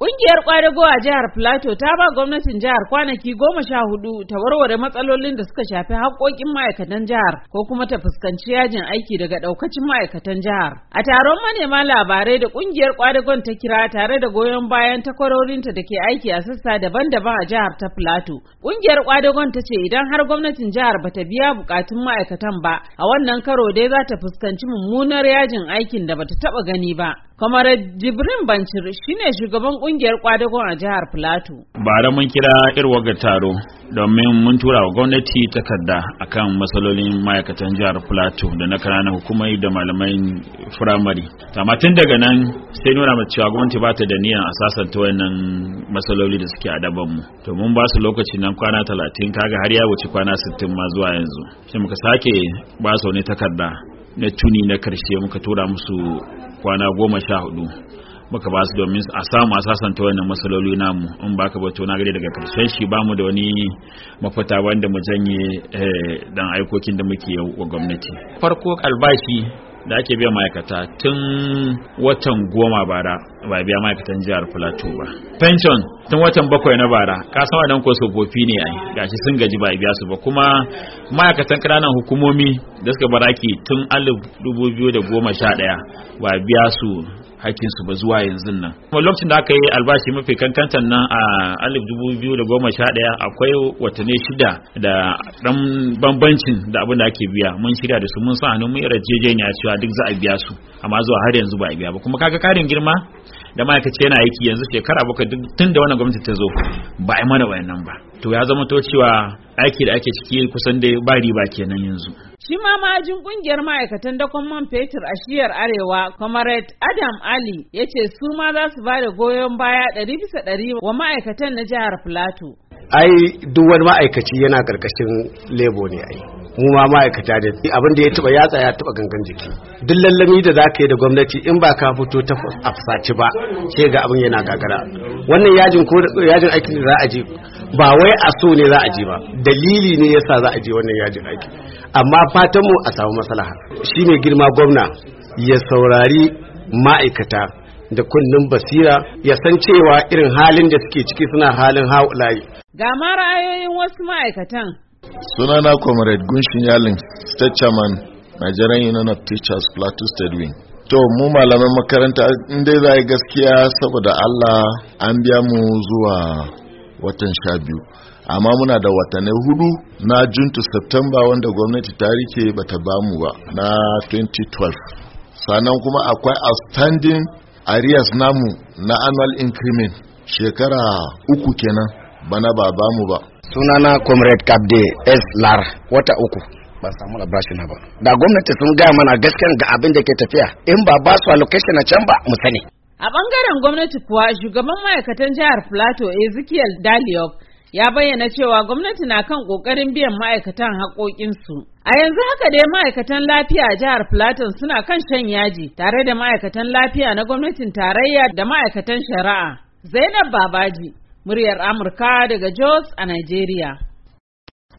Ƙungiyar ƙwadago a jihar Filato ta ba gwamnatin jihar kwanaki goma sha hudu ta warware matsalolin da suka shafi haƙƙoƙin ma'aikatan jihar ko kuma ta fuskanci yajin aiki daga ɗaukacin ma'aikatan jihar. A taron manema labarai da ƙungiyar ƙwadagon ta kira tare da goyon bayan takwarorinta da ke aiki a sassa daban-daban a jihar ta Filato. Ƙungiyar ƙwadagon ta ce idan har gwamnatin jihar ba ta biya buƙatun ma'aikatan ba, a wannan karo dai za ta fuskanci mummunar yajin aikin da ba ta taɓa gani ba. kamar jibrin bancir shine shugaban kungiyar kwadagon a jihar plateau bara mun kira irwaga taro domin mun tura wa gwamnati takarda akan matsalolin ma'aikatan jihar plateau da na kananan hukumai da malamai firamare amma tun daga nan sai nuna mata cewa gwamnati ba ta da niyan a sasanta wannan matsaloli da suke adaban mu to mun ba su lokaci nan kwana talatin kaga har ya wuce kwana sittin ma zuwa yanzu sai muka sake ba su wani takarda na tuni na karshe muka tura musu kwana goma sha hudu muka ba su domin a samu a sasanta wannan matsaloli namu in baka ba to na gari daga karshen shi ba mu da wani mafita wanda mu janye eh, dan aikokin da muke wa gwamnati farko albashi da ake biya ma'aikata tun watan goma bara ba biya ma'aikatan jihar plateau ba pension tun watan bakwai na bara kasan wadan ko sofofi ne ai gashi sun gaji ba biya su ba kuma ma'aikatan ƙananan hukumomi da suka baraki tun alif dubu da goma sha ɗaya ba biya su su ba zuwa yanzu nan kuma lokacin da aka yi albashi mafi kankantan nan a alif dubu biyu da goma sha ɗaya akwai watanni shida da ɗan bambancin da abin da ake biya mun shirya da su mun sa hannu mun yarjejeniya cewa duk za a biya su amma zuwa har yanzu ba a biya ba kuma kaga karin girma da ma'aikaci yana aiki yanzu shekara bakwai duk tun da wannan gwamnati ta zo ba a yi mana wayannan ba to ya zama to cewa aiki da ake ciki kusan dai ba riba kenan yanzu Shi ma majin kungiyar ma'aikatan dakon man fetur a shiyar Arewa, Comrade Adam Ali ya ce su ma za su ba da goyon baya ɗari bisa ɗari wa ma'aikatan na jihar Filato. Ai duk wani ma'aikaci yana ƙarƙashin lebo ne ai. Mu ma ma'aikata da abin da ya taɓa yatsa ya taɓa gangan jiki. Duk lallami da za ka yi da gwamnati in ba ka fito ta afsaci ba, sai ga abin yana gagara. Wannan yajin yajin aikin da za a je ba wai a so ne za a je ba dalili ne yasa za a je wannan yajin aiki amma fatan mu a samu maslaha shi mai girma gwamna ya saurari ma'aikata da kunnen basira ya san cewa irin halin da suke ciki suna halin haulayi ga ma ra'ayoyin wasu ma'aikatan sunana comrade gunshin yalin state chairman nigerian union of teachers plateau state wing to mu malaman makaranta inda za gaskiya saboda allah an biya mu zuwa watan sha biyu amma muna da watanni hudu na juntu september wanda gwamnati ta rike bata bamu ba na 2012 sannan kuma akwai outstanding arias namu na annual increment shekara uku kenan bana ba bamu ba sunana comrade kabde s lar wata uku ba samu labashi na ba da gwamnati sun gaya mana gaskiyar ga abin da ke tafiya in ba ba su allocation a can ba mu sani A ɓangaren gwamnati kuwa shugaban ma'aikatan jihar Plateau Ezekiel daliok ya bayyana cewa gwamnati na kan ƙoƙarin biyan ma'aikatan haƙoƙinsu. A yanzu haka dai ma'aikatan lafiya a jihar Plateau suna kan shan yaji tare da ma'aikatan lafiya na gwamnatin tarayya da ma'aikatan shari'a. Zainab Babaji, muryar Amurka daga Jos a Nigeria.